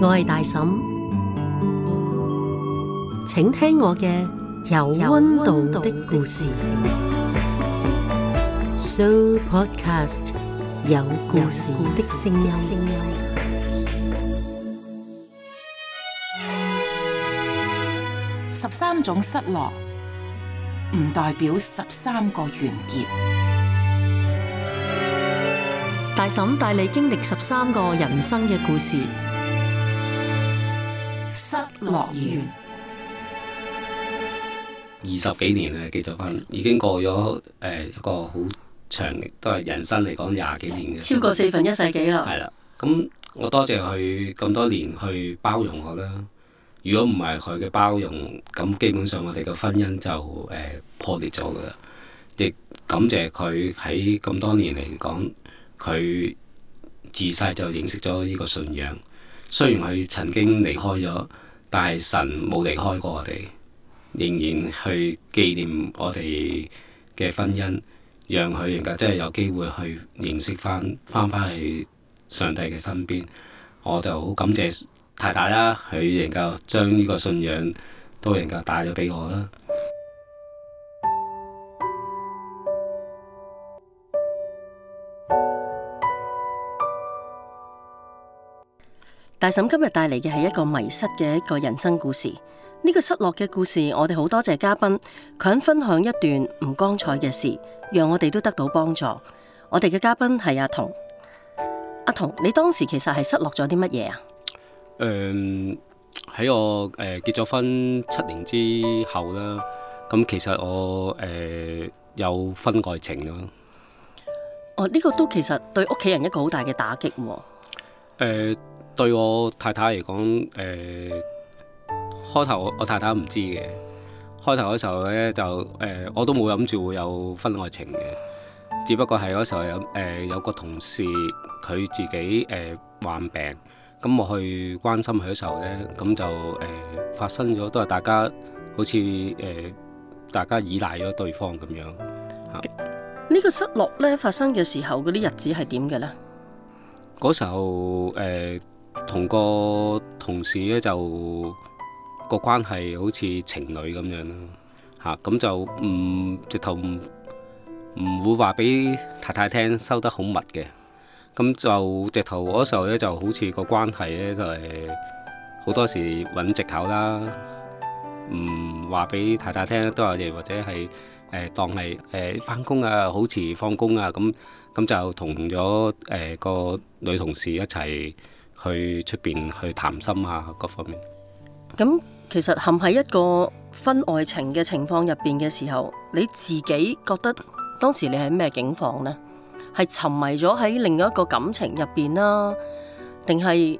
我係大嬸，請聽我嘅有温度的故事。Show Podcast，有故事的聲音。十三種失落唔代表十三個完結。大嬸帶你經歷十三個人生嘅故事。樂園二十幾年啊，結咗婚，已經過咗誒、呃、一個好長，都係人生嚟講廿幾年嘅，超過四分一世紀啦。係啦，咁我多謝佢咁多年去包容我啦。如果唔係佢嘅包容，咁基本上我哋嘅婚姻就誒、呃、破裂咗噶啦。亦感謝佢喺咁多年嚟講，佢自細就認識咗呢個信仰。雖然佢曾經離開咗。但係神冇離開過我哋，仍然去紀念我哋嘅婚姻，讓佢能夠即係有機會去認識翻翻翻去上帝嘅身邊。我就好感謝太太啦，佢能夠將呢個信仰都能夠帶咗畀我啦。大嬸今日帶嚟嘅係一個迷失嘅一個人生故事，呢個失落嘅故事，我哋好多謝嘉賓，佢喺分享一段唔光彩嘅事，讓我哋都得到幫助。我哋嘅嘉賓係阿童，阿童，你當時其實係失落咗啲乜嘢啊？誒，喺我誒結咗婚七年之後啦，咁其實我誒有婚外情啦。哦，呢個都其實對屋企人一個好大嘅打擊。誒。對我太太嚟講，誒、呃，開頭我太太唔知嘅，開頭嗰時候呢，就，誒、呃，我都冇諗住會有婚外情嘅，只不過係嗰時候有，誒、呃，有個同事佢自己，誒、呃，患病，咁我去關心佢嘅時候呢，咁就，誒、呃，發生咗，都係大家好似，誒、呃，大家依賴咗對方咁樣。呢、啊、個失落呢，發生嘅時候，嗰啲日子係點嘅呢？嗰時候，誒、呃。同個同事咧，就個關係好似情侶咁樣啦，嚇、啊、咁、嗯、就唔直頭唔唔會話俾太太聽，收得好密嘅。咁、嗯、就直頭嗰時候咧，就好似個關係咧，就係好多時揾藉口啦，唔話俾太太聽都係，或者係誒、呃、當係誒返工啊，好遲放工啊咁，咁、嗯嗯嗯、就同咗誒個女同事一齊，去出邊去談心啊，各方面。咁其實陷喺一個婚外情嘅情況入邊嘅時候，你自己覺得當時你係咩境況呢？係沉迷咗喺另一個感情入邊啦，定係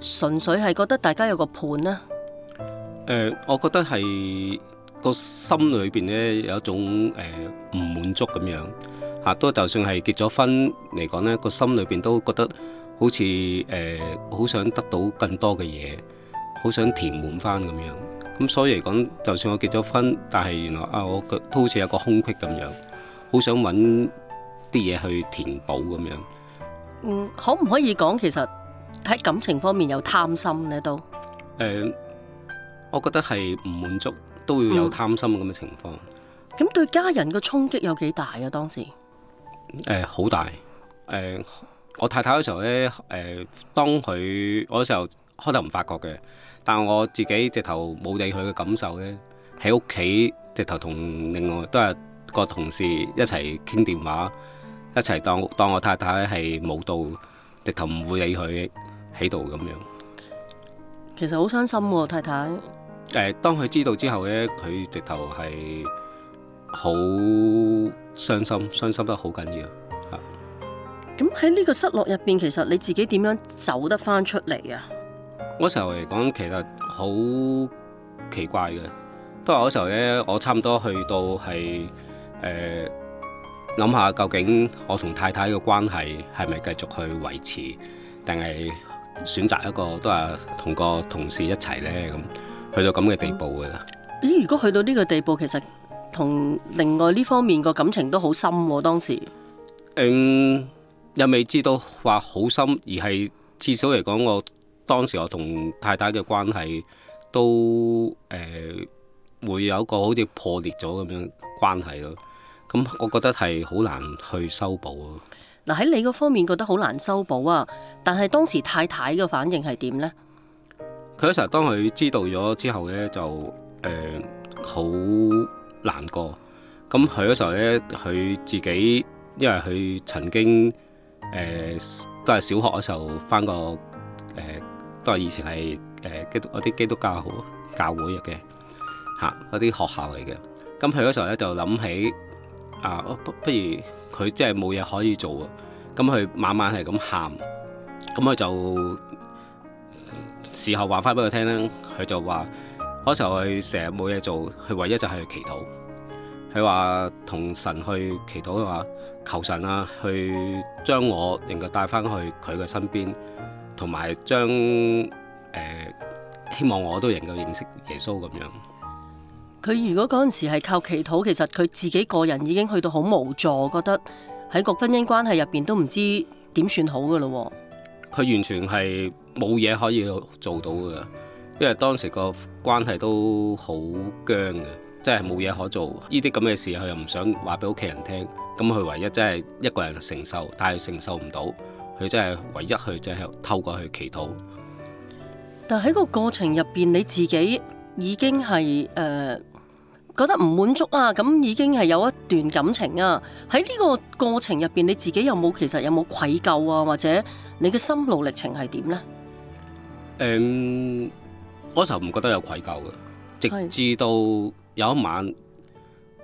純粹係覺得大家有個伴呢？誒，我覺得係個心裏邊呢有一種誒唔滿足咁樣，吓都就算係結咗婚嚟講呢，個心裏邊都覺得。好似誒，好、呃、想得到更多嘅嘢，好想填滿翻咁樣。咁所以嚟講，就算我結咗婚，但係原來啊，我都好似有個空隙咁樣，好想揾啲嘢去填補咁樣。嗯，可唔可以講其實喺感情方面有貪心呢？都誒、呃，我覺得係唔滿足都要有貪心咁嘅情況。咁、嗯、對家人嘅衝擊有幾大啊？當時誒好、呃、大誒。呃我太太嗰時候咧，誒、呃，當佢，我嗰時候開頭唔發覺嘅，但我自己直頭冇理佢嘅感受咧，喺屋企直頭同另外都係個同事一齊傾電話，一齊當當我太太係冇到，直頭唔會理佢喺度咁樣。其實好傷心喎、啊、太太。誒、呃，當佢知道之後咧，佢直頭係好傷心，傷心得好緊要。咁喺呢個失落入邊，其實你自己點樣走得翻出嚟啊？嗰時候嚟講，其實好奇怪嘅。都係嗰時候咧，我差唔多去到係誒諗下，究竟我同太太嘅關係係咪繼續去維持，定係選擇一個都係同個同事一齊咧？咁去到咁嘅地步嘅啦。咦、嗯？如果去到呢個地步，其實同另外呢方面個感情都好深啊，當時，嗯。又未知道話好深，而係至少嚟講，我當時我同太太嘅關係都誒、呃、會有一個好似破裂咗咁樣關係咯。咁、嗯、我覺得係好難去修補咯、啊。嗱喺、啊、你嗰方面覺得好難修補啊，但係當時太太嘅反應係點呢？佢嗰時候當佢知道咗之後呢，就誒好、呃、難過。咁佢嗰時候咧，佢自己因為佢曾經。誒、嗯、都係小學嗰時候翻個誒，都係以前係誒、呃、基督啲基督教好教會嘅嚇嗰啲學校嚟嘅。咁佢嗰時候咧就諗起啊，不,不如佢即係冇嘢可以做。咁佢晚晚係咁喊，咁、嗯、佢、嗯、就事後話翻俾佢聽啦。佢就話嗰時候佢成日冇嘢做，佢唯一就係去祈禱。佢話同神去祈禱啊，求神啊，去將我能夠帶翻去佢嘅身邊，同埋將希望我都能夠認識耶穌咁樣。佢如果嗰陣時係靠祈禱，其實佢自己個人已經去到好無助，我覺得喺個婚姻關係入邊都唔知點算好嘅咯。佢完全係冇嘢可以做到嘅，因為當時個關係都好僵嘅。真係冇嘢可做，呢啲咁嘅事佢又唔想話俾屋企人聽，咁佢唯一真係一個人承受，但係承受唔到，佢真係唯一佢就係透過去祈禱。但喺個過程入邊，你自己已經係誒、呃、覺得唔滿足啊，咁已經係有一段感情啊。喺呢個過程入邊，你自己有冇其實有冇愧疚啊？或者你嘅心路歷程係點呢？嗯、我時候唔覺得有愧疚嘅，直至到。有一晚，誒、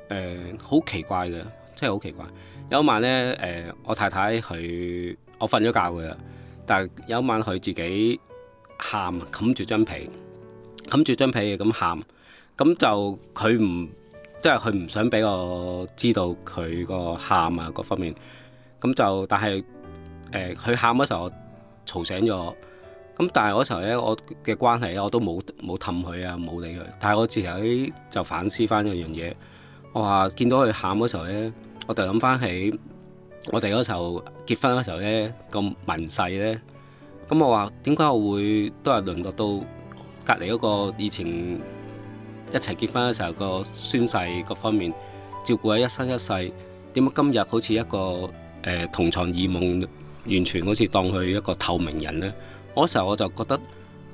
呃、好奇怪嘅，真係好奇怪。有一晚咧，誒、呃、我太太佢，我瞓咗覺嘅，但係有一晚佢自己喊，冚住張被，冚住張被咁喊，咁就佢唔，即係佢唔想俾我知道佢個喊啊各方面，咁就但係誒佢喊嗰時候我吵，我嘈醒咗。咁但係嗰時候咧，我嘅關係咧，我都冇冇氹佢啊，冇理佢。但係我自己就反思翻一樣嘢，我話見到佢喊嗰時候咧，我就諗翻起我哋嗰時候結婚嗰時候咧，咁宣誓咧，咁我話點解我會都係淪落到隔離嗰個以前一齊結婚嘅時候個宣誓各方面照顧佢一生一世，點解今日好似一個誒、呃、同床異夢，完全好似當佢一個透明人咧？嗰時候我就覺得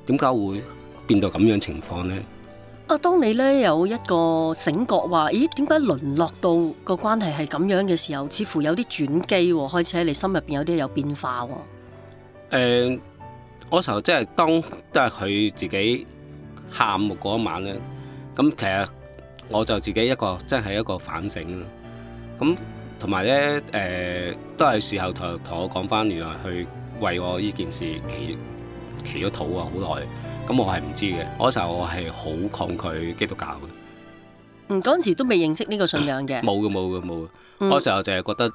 點解會變到咁樣情況呢？啊，當你呢有一個醒覺話，咦，點解淪落到個關係係咁樣嘅時候，似乎有啲轉機開始喺你心入邊有啲有變化喎。誒、呃，嗰時候即係當都係佢自己喊嗰一晚呢，咁其實我就自己一個真係一個反省啦。咁同埋呢，誒、呃、都係事後同同我講返，原來去為我呢件事企。祈咗土啊，好耐咁，我係唔知嘅。嗰時候我係好抗拒基督教嘅。嗰陣、嗯、時都未認識呢個信仰嘅。冇嘅、啊，冇嘅，冇。嗰、嗯、時候就係覺得誒，呢、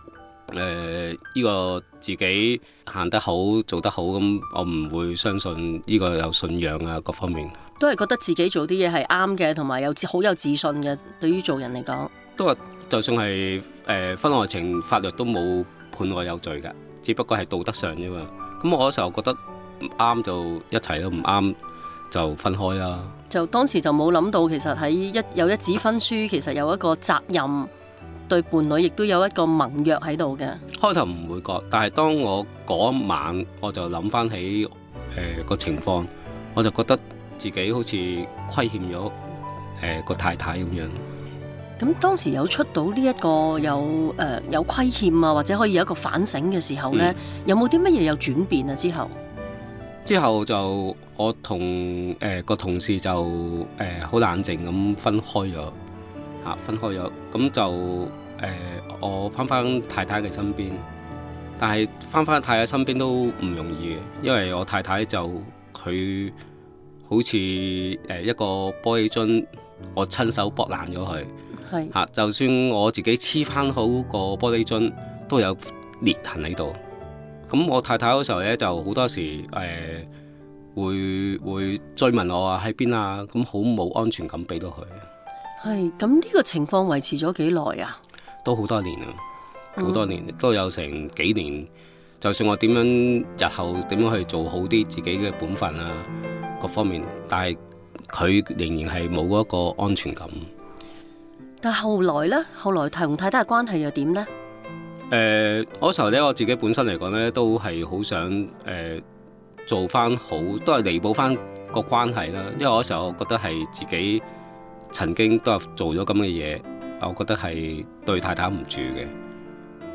呃這個自己行得好，做得好，咁我唔會相信呢個有信仰啊，各方面都係覺得自己做啲嘢係啱嘅，同埋有好有自信嘅。對於做人嚟講，都係就算係誒、呃、婚外情法律都冇判我有罪嘅，只不過係道德上啫嘛。咁我嗰時候覺得。唔啱就一齊都唔啱，就分開啦、啊。就當時就冇諗到，其實喺一有一紙婚書，其實有一個責任對伴侶，亦都有一個盟約喺度嘅。開頭唔會覺，但係當我嗰晚，我就諗翻起誒、呃那個情況，我就覺得自己好似虧欠咗誒、呃那個太太咁樣。咁當時有出到呢一個有誒、呃、有虧欠啊，或者可以有一個反省嘅時候呢，嗯、有冇啲乜嘢有轉變啊？之後之後就我同誒、呃那個同事就誒好、呃、冷靜咁分開咗、啊，分開咗，咁就誒、呃、我翻返太太嘅身邊，但係翻返太太身邊都唔容易嘅，因為我太太就佢好似誒一個玻璃樽，我親手剝爛咗佢，係是、啊、就算我自己黐翻好個玻璃樽，都有裂痕喺度。咁我太太嗰時候咧就好多時誒、呃、會會追問我啊喺邊啊？咁好冇安全感俾到佢。係咁呢個情況維持咗幾耐啊？都好多年啦，好多年、嗯、都有成幾年。就算我點樣日後點樣去做好啲自己嘅本分啊，各方面，但係佢仍然係冇一個安全感。但係後來咧，後來同太太嘅關係又點呢？誒嗰、呃、時候咧，我自己本身嚟講咧，都係好想誒、呃、做翻好，都係彌補翻個關係啦。因為嗰時候我覺得係自己曾經都係做咗咁嘅嘢，我覺得係對太太唔住嘅。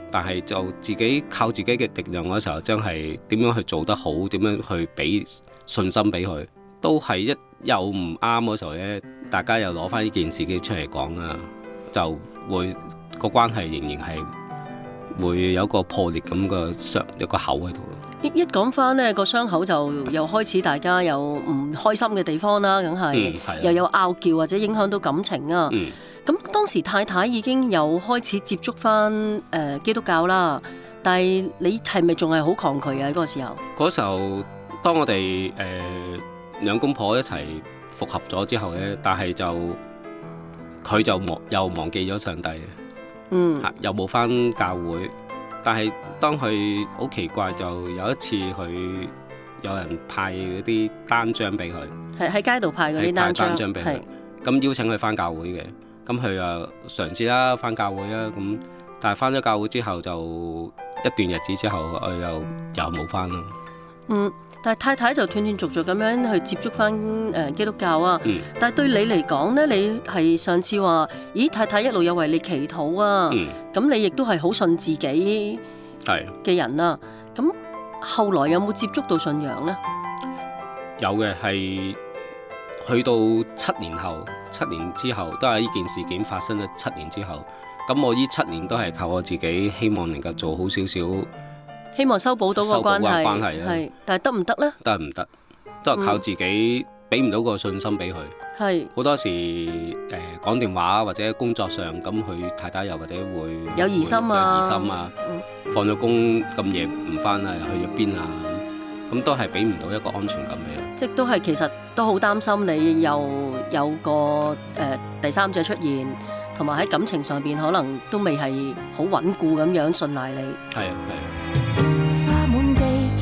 但係就自己靠自己嘅力量嗰時候，真係點樣去做得好，點樣去俾信心俾佢，都係一有唔啱嗰時候咧，大家又攞翻呢件事嘅出嚟講啦，就會、個關係仍然係。會有一個破裂咁嘅傷，有一個口喺度咯。一講翻呢個傷口就又開始，大家有唔開心嘅地方啦，梗係、嗯、又有拗撬或者影響到感情啊。咁、嗯、當時太太已經有開始接觸翻誒、呃、基督教啦，但係你係咪仲係好抗拒啊？喺、那、嗰個時候，嗰時候當我哋誒、呃、兩公婆一齊復合咗之後呢，但係就佢就又忘又忘記咗上帝。嗯，又冇翻教會，但係當佢好奇怪，就有一次佢有人派嗰啲單張俾佢，係喺街度派嗰啲單張俾佢，咁是邀請佢翻教會嘅，咁佢啊嘗試啦，翻教會啦。咁但係翻咗教會之後就，就一段日子之後，佢又又冇翻咯。嗯。但係太太就斷斷續續咁樣去接觸翻誒基督教啊，嗯、但係對你嚟講呢，你係上次話，咦太太一路有為你祈禱啊，咁、嗯、你亦都係好信自己嘅人啊。咁的後來有冇接觸到信仰呢？有嘅係去到七年後，七年之後都係呢件事件發生咗七年之後，咁我呢七年都係靠我自己，希望能夠做好少少。希望修補到個關係。係但係得唔得咧？得唔得都係靠自己，俾唔到個信心俾佢。係，好多時誒講電話或者工作上咁，佢太太又或者會有疑心啊，有疑心啊，放咗工咁夜唔翻啊，又去咗邊啊，咁都係俾唔到一個安全感俾佢。即係都係其實都好擔心你又有個誒第三者出現，同埋喺感情上邊可能都未係好穩固咁樣信賴你。係啊，係。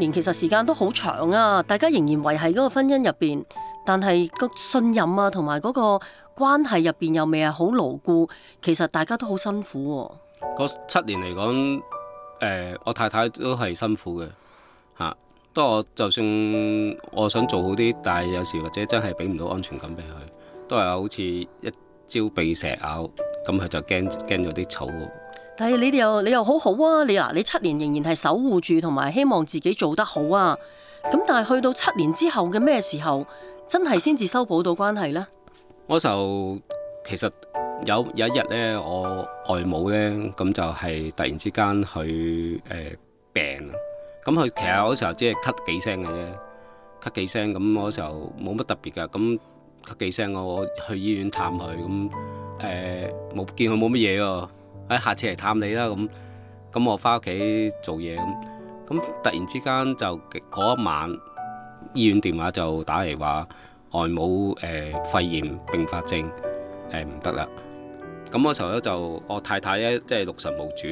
年其實時間都好長啊，大家仍然維係嗰個婚姻入邊，但係個信任啊同埋嗰個關係入邊又未係好牢固，其實大家都好辛苦，啊。嗰七年嚟講、呃，我太太都係辛苦嘅嚇。不過、啊、我就算我想做好啲，但係有時或者真係俾唔到安全感俾佢，都係好似一朝被蛇咬，咁佢就驚驚咗啲草。你哋又你又好好啊！你嗱，你七年仍然係守護住同埋希望自己做得好啊！咁但係去到七年之後嘅咩時候，真係先至修補到關係呢？我就其實有有一日呢，我外母呢咁就係突然之間去誒病，咁佢其實嗰時候即係咳幾聲嘅啫，咳幾聲咁我嗰時候冇乜特別嘅，咁咳幾聲我去醫院探佢，咁誒冇見佢冇乜嘢啊。下次嚟探你啦，咁咁我翻屋企做嘢咁，突然之間就嗰一晚醫院電話就打嚟話外母誒肺炎併發症唔得啦，咁、呃、嗰時候咧就我太太咧即係六神無主，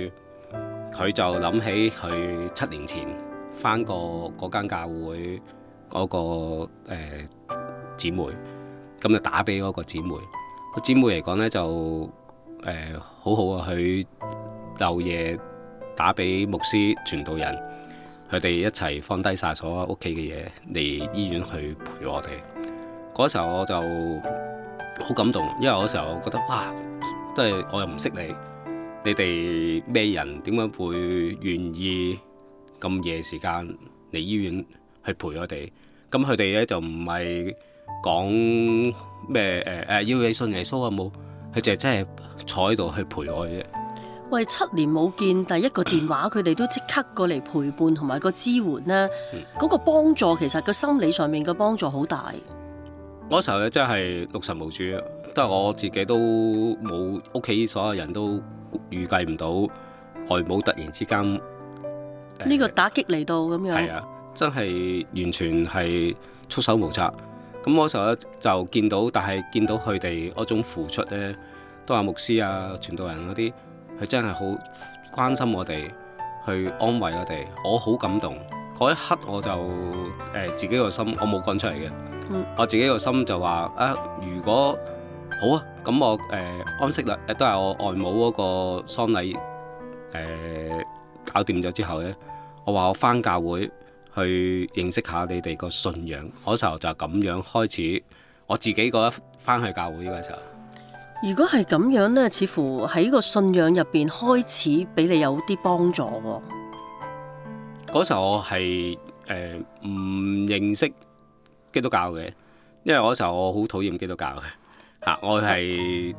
佢就諗起佢七年前翻過嗰間教會嗰、嗰個誒姊、呃、妹，咁就打俾嗰個姊妹，個姊妹嚟講呢，就。誒、呃，好好啊！佢漏夜打俾牧師、傳道人，佢哋一齊放低晒所有屋企嘅嘢嚟醫院去陪我哋。嗰時候我就好感動，因為嗰時候我覺得哇，都係我又唔識你，你哋咩人？點解會願意咁夜時間嚟醫院去陪我哋？咁佢哋咧就唔係講咩誒誒，要你信耶穌啊冇？佢就真係坐喺度去陪我嘅啫。喂，七年冇見，但一個電話，佢哋、嗯、都即刻過嚟陪伴同埋個支援，呢嗰、嗯、個幫助，其實個心理上面嘅幫助好大。嗰時候真係六神無主，都係我自己都冇，屋企所有人都預計唔到外母突然之間呢個打擊嚟到咁樣。係、嗯、啊，真係完全係束手無策。咁嗰時候咧就見到，但係見到佢哋嗰種付出呢，都係牧師啊、傳道人嗰啲，佢真係好關心我哋，去安慰我哋，我好感動。嗰一刻我就誒、呃、自己個心，我冇講出嚟嘅，嗯、我自己個心就話啊，如果好啊，咁我誒、呃、安息啦、呃，都係我外母嗰個喪禮、呃、搞掂咗之後呢。我話我翻教會。去認識下你哋個信仰，嗰時候就咁樣開始。我自己覺得翻去教會嗰時候，如果係咁樣呢，似乎喺個信仰入邊開始俾你有啲幫助。嗰時候我係誒唔認識基督教嘅，因為嗰時候我好討厭基督教嘅嚇、啊，我係誒、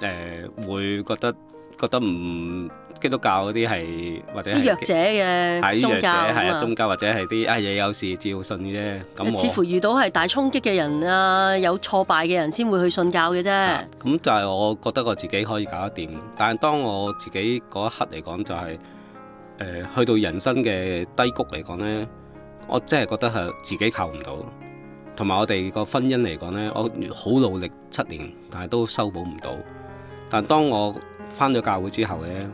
呃、會覺得覺得唔。基督教嗰啲係或者弱者嘅係宗教樣啊教，宗教或者係啲啊嘢有事照信嘅啫。咁。似乎遇到係大衝擊嘅人啊，有挫敗嘅人先會去信教嘅啫。咁、啊、就係我覺得我自己可以搞得掂，但係當我自己嗰一刻嚟講、就係，就係誒去到人生嘅低谷嚟講呢，我真係覺得係自己靠唔到，同埋我哋個婚姻嚟講呢，我好努力七年，但係都修補唔到。但係當我返咗教會之後呢。呢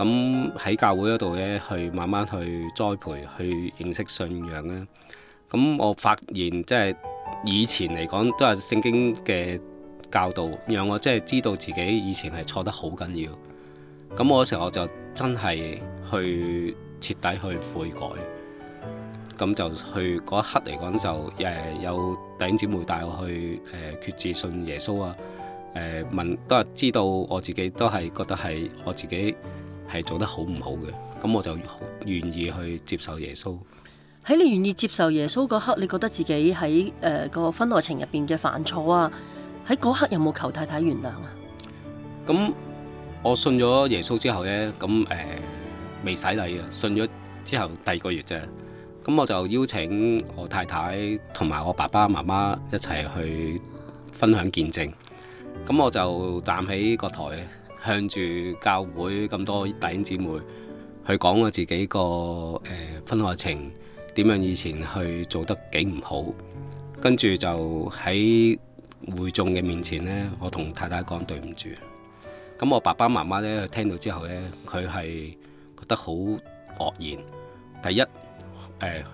咁喺教會嗰度咧，去慢慢去栽培，去認識信仰啦。咁我發現，即係以前嚟講都係聖經嘅教導，讓我即係知道自己以前係錯得好緊要。咁我時候我就真係去徹底去悔改。咁就去嗰一刻嚟講就誒有弟兄姊妹帶我去誒決志信耶穌啊。誒問都係知道我自己都係覺得係我自己。係做得好唔好嘅，咁我就願意去接受耶穌。喺你願意接受耶穌嗰刻，你覺得自己喺誒、呃那個婚外情入邊嘅犯錯啊，喺嗰刻有冇求太太原諒啊？咁我信咗耶穌之後呢，咁誒未洗禮啊，信咗之後第二個月啫，咁我就邀請我太太同埋我爸爸媽媽一齊去分享見證。咁我就站喺個台，向住教會咁多弟兄姊妹去講我自己個誒婚外情點樣以前去做得幾唔好，跟住就喺會眾嘅面前呢，我同太太講對唔住。咁我爸爸媽媽呢聽到之後呢，佢係覺得好愕然。第一誒，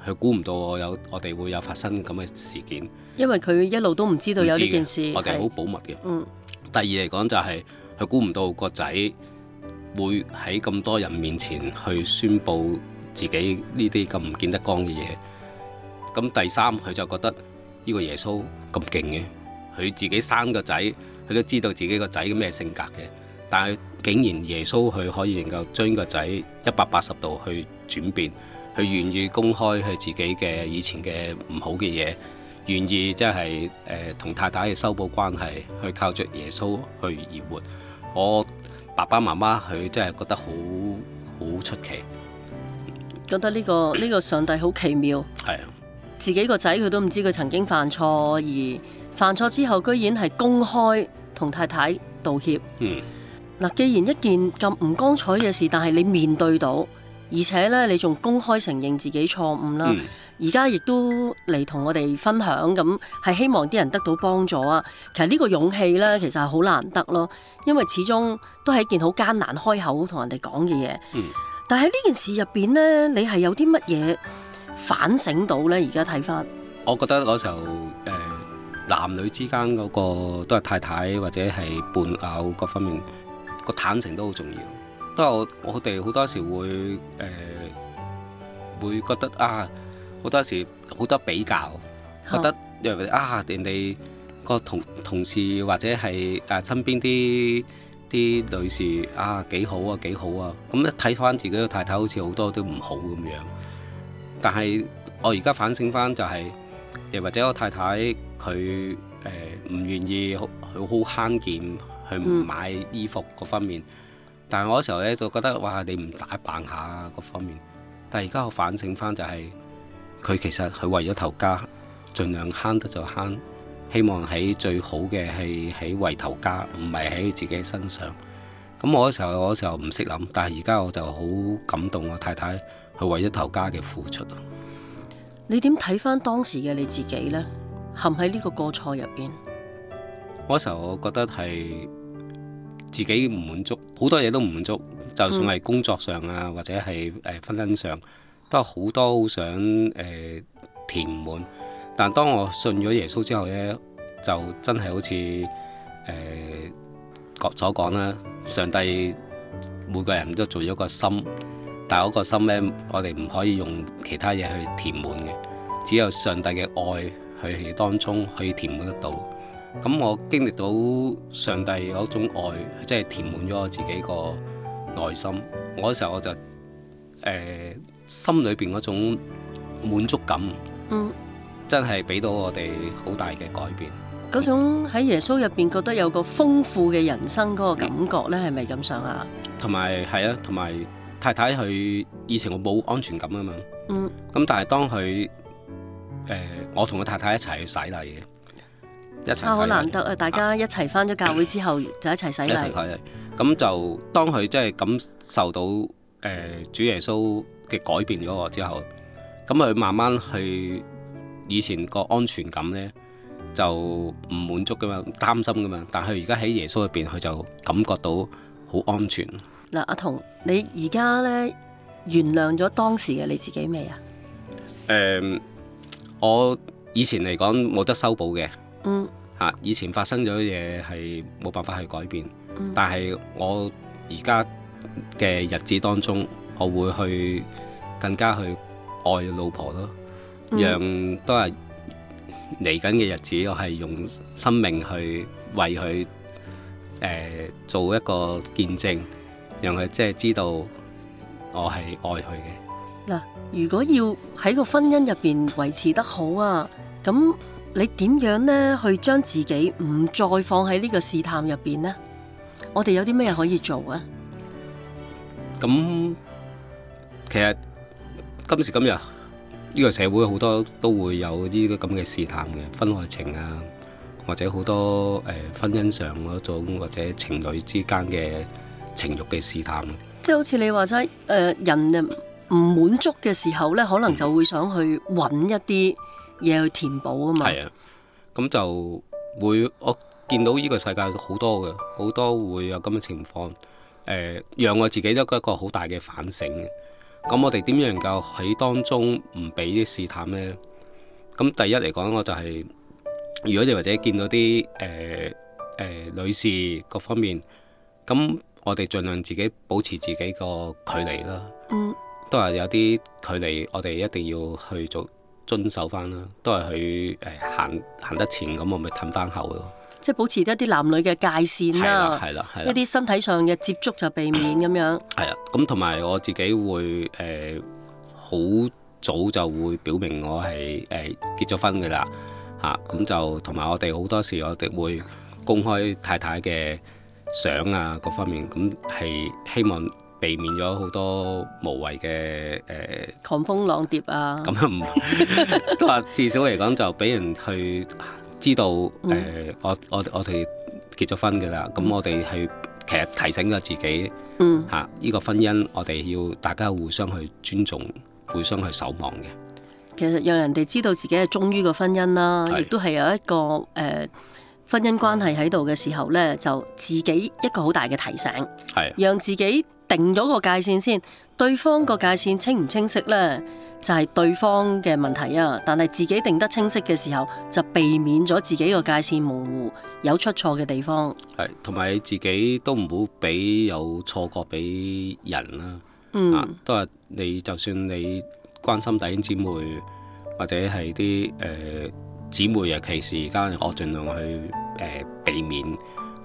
佢估唔到我有我哋會有發生咁嘅事件，因為佢一路都唔知道有呢件事，是我哋好保密嘅。嗯。第二嚟講就係、是。佢估唔到個仔會喺咁多人面前去宣佈自己呢啲咁唔見得光嘅嘢。咁第三，佢就覺得呢個耶穌咁勁嘅，佢自己生個仔，佢都知道自己個仔嘅咩性格嘅，但係竟然耶穌佢可以能夠將個仔一百八十度去轉變，佢願意公開佢自己嘅以前嘅唔好嘅嘢。願意即係誒同太太嘅修補關係，去靠着耶穌去而活。我爸爸媽媽佢真係覺得好好出奇，覺得呢個呢個上帝好奇妙。係 自己個仔佢都唔知佢曾經犯錯，而犯錯之後居然係公開同太太道歉。嗯，嗱， 既然一件咁唔光彩嘅事，但係你面對到。而且咧，你仲公開承認自己錯誤啦，而家亦都嚟同我哋分享，咁係希望啲人得到幫助啊。其實呢個勇氣咧，其實係好難得咯，因為始終都係一件好艱難開口同人哋講嘅嘢。嗯、但係呢件事入邊咧，你係有啲乜嘢反省到呢？而家睇翻，我覺得嗰時候誒、呃、男女之間嗰、嗰個都係太太或者係伴侶各方面個坦誠都好重要。都我我哋好多時會誒、呃、會覺得啊，好多時好多比較，哦、覺得又啊人哋個同同事或者係誒身邊啲啲女士啊幾好啊幾好啊，咁、啊、一睇翻自己個太太好似好多都唔好咁樣。但係我而家反省翻就係、是，又或者我太太佢誒唔願意好好慳儉去買衣服嗰方面。嗯但係我嗰時候咧就覺得哇，你唔打扮下嗰方面，但係而家我反省翻就係、是、佢其實佢為咗頭家盡量慳得就慳，希望喺最好嘅係喺為頭家，唔係喺自己身上。咁我嗰時候我嗰時候唔識諗，但係而家我就好感動我太太佢為咗頭家嘅付出。你點睇翻當時嘅你自己呢？陷喺呢個過錯入邊，嗰時候我覺得係。自己唔滿足，好多嘢都唔滿足，嗯、就算係工作上啊，或者係誒婚姻上，都好多好想、呃、填滿。但當我信咗耶穌之後呢，就真係好似誒、呃、所講啦，上帝每個人都做咗個心，但嗰個心呢，我哋唔可以用其他嘢去填滿嘅，只有上帝嘅愛喺當中可以填滿得到。咁我經歷到上帝有一種愛，即係填滿咗我自己個內心。我嗰時候我就誒、呃、心裏邊嗰種滿足感，嗯，真係俾到我哋好大嘅改變。嗰種喺耶穌入邊覺得有個豐富嘅人生嗰個感覺咧，係咪咁想啊？同埋係啊，同埋太太佢以前我冇安全感啊嘛。嗯。咁但係當佢誒、呃、我同個太太一齊去洗禮嘅。啊！好難得啊，大家一齊翻咗教會之後就一齊洗禮，咁就當佢真係感受到誒主耶穌嘅改變咗我之後，咁佢慢慢去以前個安全感咧就唔滿足噶嘛，擔心噶嘛，但係佢而家喺耶穌入面佢就感覺到好安全。嗱，阿彤你而家咧原諒咗當時嘅你自己未啊？誒，我以前嚟講冇得修補嘅。嗯，以前發生咗嘢係冇辦法去改變，嗯、但係我而家嘅日子當中，我會去更加去愛老婆咯，讓都係嚟緊嘅日子，我係用生命去為佢誒、呃、做一個見證，讓佢即係知道我係愛佢嘅。嗱，如果要喺個婚姻入邊維持得好啊，咁。你點樣呢？去將自己唔再放喺呢個試探入邊呢？我哋有啲咩可以做啊？咁、嗯、其實今時今日呢、呢個社會好多都會有呢啲咁嘅試探嘅婚外情啊，或者好多誒、呃、婚姻上嗰種或者情侶之間嘅情慾嘅試探。即係好似你話齋誒，人唔滿足嘅時候呢，可能就會想去揾一啲。要去填補啊嘛，係啊，咁就會我見到呢個世界好多嘅，好多會有咁嘅情況，誒、呃，讓我自己一個一個好大嘅反省嘅。咁我哋點樣夠喺當中唔俾啲試探呢？咁第一嚟講，我就係、是、如果你或者見到啲誒誒女士各方面，咁我哋儘量自己保持自己個距離啦。嗯、都係有啲距離，我哋一定要去做。遵守翻啦，都係佢誒行行得前，咁我咪褪翻後咯。即係保持一啲男女嘅界線啦，係啦係啦，一啲身體上嘅接觸就避免咁 樣。係啊，咁同埋我自己會誒好、呃、早就會表明我係誒、呃、結咗婚嘅啦，嚇、啊、咁就同埋我哋好多時我哋會公開太太嘅相啊各方面，咁係希望。避免咗好多無謂嘅誒，呃、狂蜂浪蝶啊！咁又都話，至少嚟講就俾人去知道誒、呃嗯，我我我哋結咗婚嘅啦。咁我哋去其實提醒咗自己，嗯嚇，呢、啊這個婚姻我哋要大家互相去尊重，互相去守望嘅。其實讓人哋知道自己係忠於個婚姻啦，亦都係有一個誒、呃、婚姻關係喺度嘅時候咧，就自己一個好大嘅提醒，係是是讓自己。定咗個界線先，對方個界線清唔清晰呢？就係、是、對方嘅問題啊。但係自己定得清晰嘅時候，就避免咗自己個界線模糊有出錯嘅地方。係，同埋自己都唔好俾有錯覺俾人啦。嗯，啊、都係你就算你關心弟兄姊妹或者係啲誒姊妹，尤其是而家我盡量去誒、呃、避免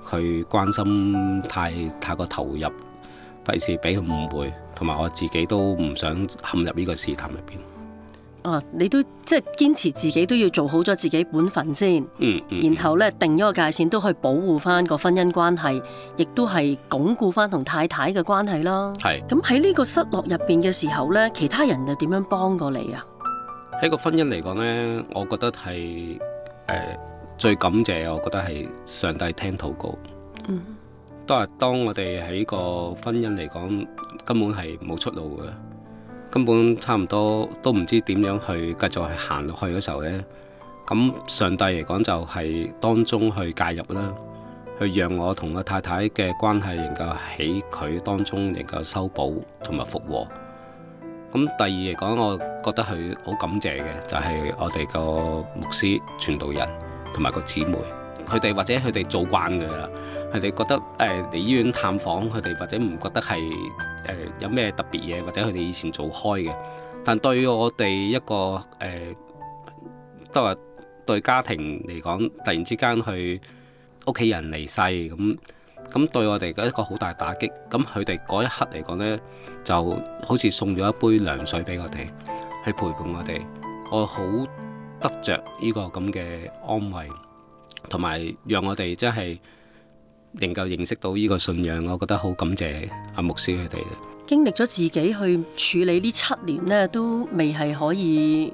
去關心太太過投入。費事俾佢誤會，同埋我自己都唔想陷入呢個試探入邊，啊。你都即係堅持自己都要做好咗自己本分先，嗯嗯、然後呢，定咗個界線，都可以保護翻個婚姻關係，亦都係鞏固翻同太太嘅關係咯。係，咁喺呢個失落入邊嘅時候呢，其他人又點樣幫過你啊？喺個婚姻嚟講呢，我覺得係、呃、最感謝，我覺得係上帝聽禱告。嗯都係當我哋喺個婚姻嚟講，根本係冇出路嘅，根本差唔多都唔知點樣去繼續去行落去嘅時候呢，咁上帝嚟講就係當中去介入啦，去讓我同個太太嘅關係，能夠喺佢當中，能夠修補同埋復和。咁第二嚟講，我覺得佢好感謝嘅，就係我哋個牧師、傳道人同埋個姊妹，佢哋或者佢哋做慣嘅啦。佢哋覺得誒嚟、呃、醫院探訪佢哋、呃，或者唔覺得係誒有咩特別嘢，或者佢哋以前做開嘅。但對我哋一個誒、呃、都話對家庭嚟講，突然之間去屋企人離世咁，咁對我哋一個好大打擊。咁佢哋嗰一刻嚟講呢，就好似送咗一杯涼水俾我哋，去陪伴我哋。我好得着呢個咁嘅安慰，同埋讓我哋真係。能夠認識到呢個信仰，我覺得好感謝阿牧師佢哋，經歷咗自己去處理呢七年咧，都未係可以誒、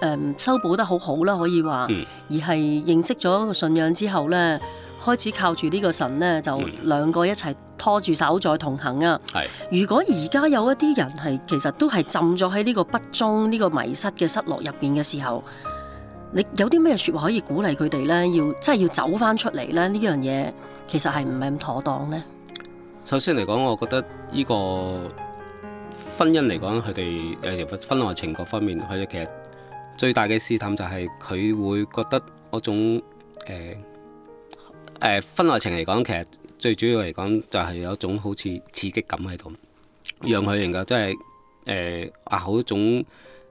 呃、修補得好好啦，可以話，嗯、而係認識咗個信仰之後咧，開始靠住呢個神咧，就兩個一齊拖住手再同行啊。嗯、如果而家有一啲人係其實都係浸咗喺呢個不忠呢個迷失嘅失落入邊嘅時候，你有啲咩說話可以鼓勵佢哋咧？要真係要走返出嚟咧，呢樣嘢，其實係唔係咁妥當呢？首先嚟講，我覺得呢個婚姻嚟講，佢哋誒婚外情各方面，佢哋其實最大嘅試探就係、是、佢會覺得嗰種誒誒、呃呃、婚外情嚟講，其實最主要嚟講就係有一種好似刺激感喺度，讓佢能夠真係誒啊好一種誒、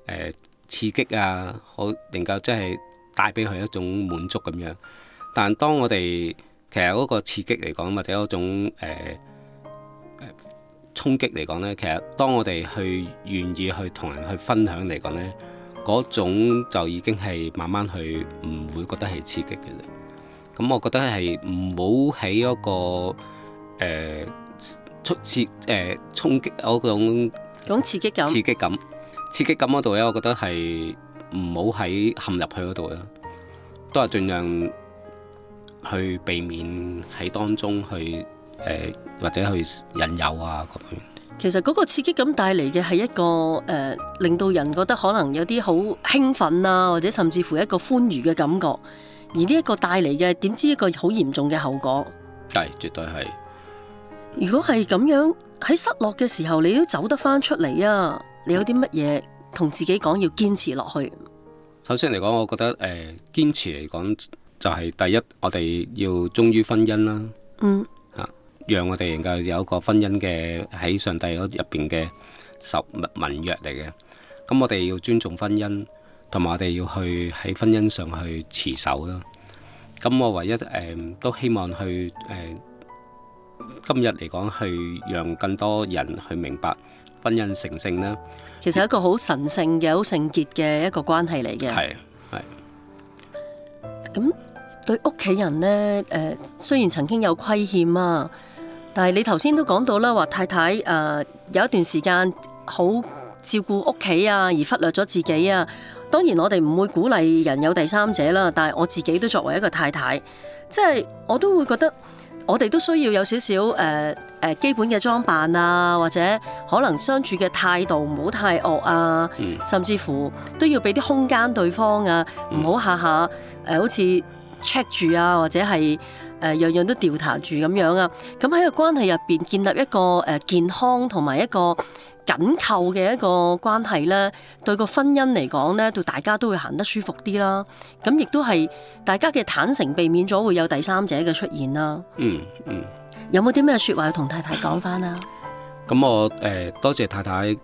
呃、刺激啊，好能夠真係帶俾佢一種滿足咁樣。但當我哋其實嗰個刺激嚟講，或者嗰種誒誒衝擊嚟講呢，其實當我哋去願意去同人去分享嚟講呢，嗰種就已經係慢慢去唔會覺得係刺激嘅啦。咁、嗯、我覺得係唔好喺嗰個誒出、呃、刺誒衝擊嗰種，種刺，激刺激感、刺激感、嗰度呢，我覺得係唔好喺陷入去嗰度咯，都係盡量。去避免喺當中去誒、呃，或者去引誘啊嗰邊。其實嗰個刺激感帶嚟嘅係一個誒、呃、令到人覺得可能有啲好興奮啊，或者甚至乎一個歡愉嘅感覺。而呢一個帶嚟嘅點知一個好嚴重嘅後果。係、嗯、絕對係。如果係咁樣，喺失落嘅時候，你都走得翻出嚟啊！你有啲乜嘢同自己講要堅持落去？首先嚟講，我覺得誒、呃、堅持嚟講。就係第一，我哋要忠於婚姻啦。嗯，吓，讓我哋能夠有一個婚姻嘅，喺上帝入邊嘅十物盟約嚟嘅。咁我哋要尊重婚姻，同埋我哋要去喺婚姻上去持守咯。咁我唯一誒、嗯、都希望去誒、嗯、今日嚟講去讓更多人去明白婚姻神聖啦。其實係一個好神聖嘅好聖潔嘅一個關係嚟嘅。係係。咁。對屋企人咧，誒雖然曾經有虧欠啊，但係你頭先都講到啦，話太太誒、呃、有一段時間好照顧屋企啊，而忽略咗自己啊。當然我哋唔會鼓勵人有第三者啦，但係我自己都作為一個太太，即係我都會覺得我哋都需要有少少誒誒基本嘅裝扮啊，或者可能相處嘅態度唔好太惡啊，甚至乎都要俾啲空間對方啊，唔好下下誒、嗯呃、好似 check 住啊，或者係誒、呃、樣樣都調查住咁樣啊，咁喺個關係入邊建立一個誒健康同埋一個緊扣嘅一個關係咧，對個婚姻嚟講咧，對大家都會行得舒服啲啦。咁亦都係大家嘅坦誠，避免咗會有第三者嘅出現啦、嗯。嗯嗯，有冇啲咩說話要同太太講翻啊？咁、嗯嗯、我誒、呃、多謝太太。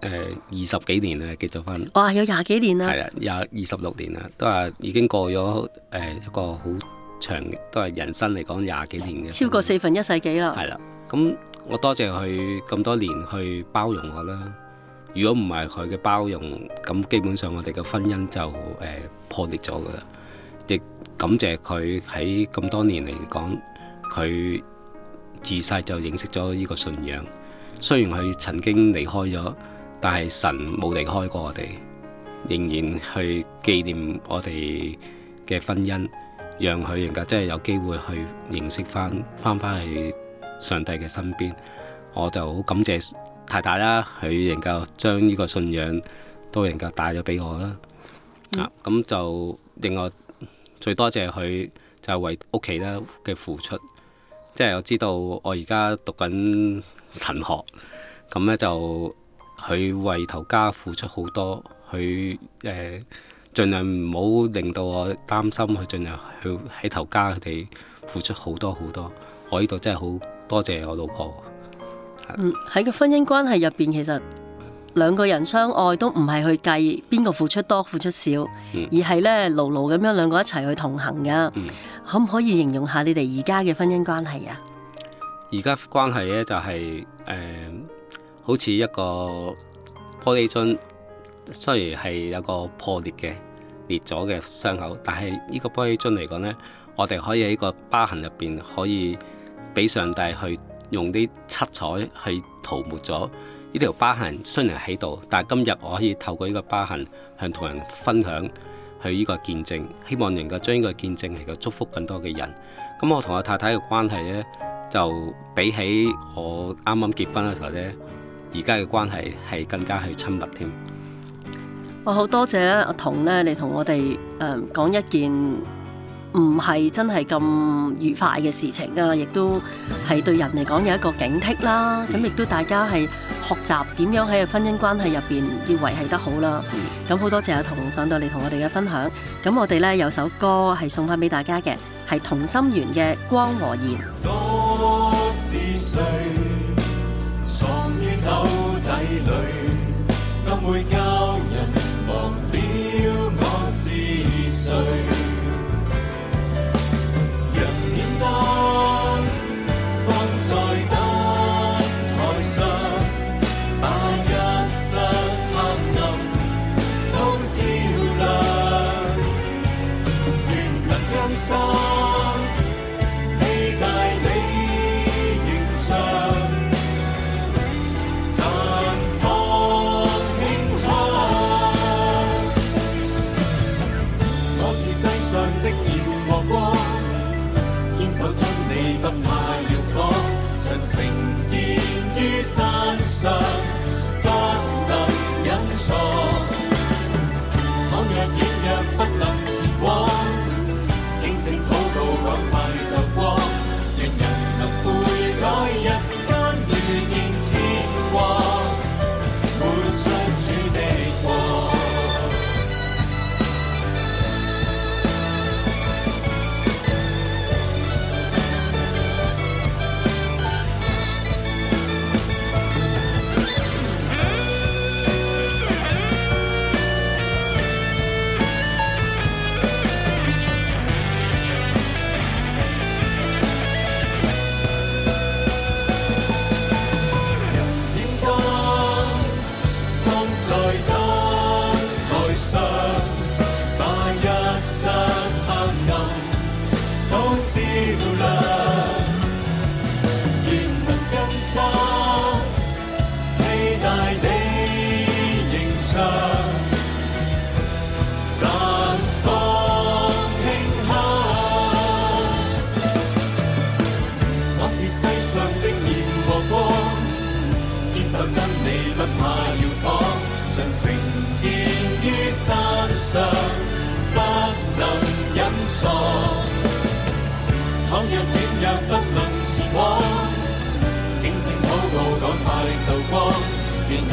誒，二十幾年啦，結咗婚。哇，有廿幾年啦。係啦，廿二十六年啦，都係已經過咗誒一個好長，都係人生嚟講廿幾年嘅。超過四分一世紀啦。係啦，咁我多謝佢咁多年去包容我啦。如果唔係佢嘅包容，咁基本上我哋嘅婚姻就誒破裂咗㗎喇。亦感謝佢喺咁多年嚟講，佢自細就認識咗呢個信仰。雖然佢曾經離開咗。但係神冇離開過我哋，仍然去紀念我哋嘅婚姻，讓佢能夠即係有機會去認識翻翻翻去上帝嘅身邊。我就好感謝太太啦，佢能夠將呢個信仰都能夠帶咗俾我啦。咁、嗯啊、就令我最多謝佢就係為屋企咧嘅付出，即係我知道我而家讀緊神學，咁咧就。佢為頭家付出好多，佢誒盡量唔好令到我擔心，佢盡量去喺頭家佢哋付出好多好多，多。我呢度真係好多謝我老婆。嗯，喺個婚姻關係入邊，其實兩個人相愛都唔係去計邊個付出多付出少，而係咧牢牢咁樣兩個一齊去同行噶。嗯，可唔可以形容下你哋而家嘅婚姻關係啊？而家關係咧就係，係，誒。呃好似一個玻璃樽，雖然係有個破裂嘅裂咗嘅傷口，但係呢個玻璃樽嚟講呢，我哋可以喺個疤痕入邊可以俾上帝去用啲七彩去塗抹咗呢條疤痕。雖然喺度，但係今日我可以透過呢個疤痕向同人分享去呢個見證，希望能夠將呢個見證嚟到祝福更多嘅人。咁、嗯、我同我太太嘅關係呢，就比起我啱啱結婚嘅時候呢。而家嘅關係係更加係親密添。我好多謝咧，阿同咧，你同我哋誒講一件唔係真係咁愉快嘅事情啊！亦都係對人嚟講有一個警惕啦。咁亦都大家係學習點樣喺婚姻關係入邊要維係得好啦。咁好多謝阿同上到嚟同我哋嘅分享。咁我哋咧有首歌係送翻俾大家嘅，係同心圓嘅光和鹽。透底裏，暗會教人忘了我是誰。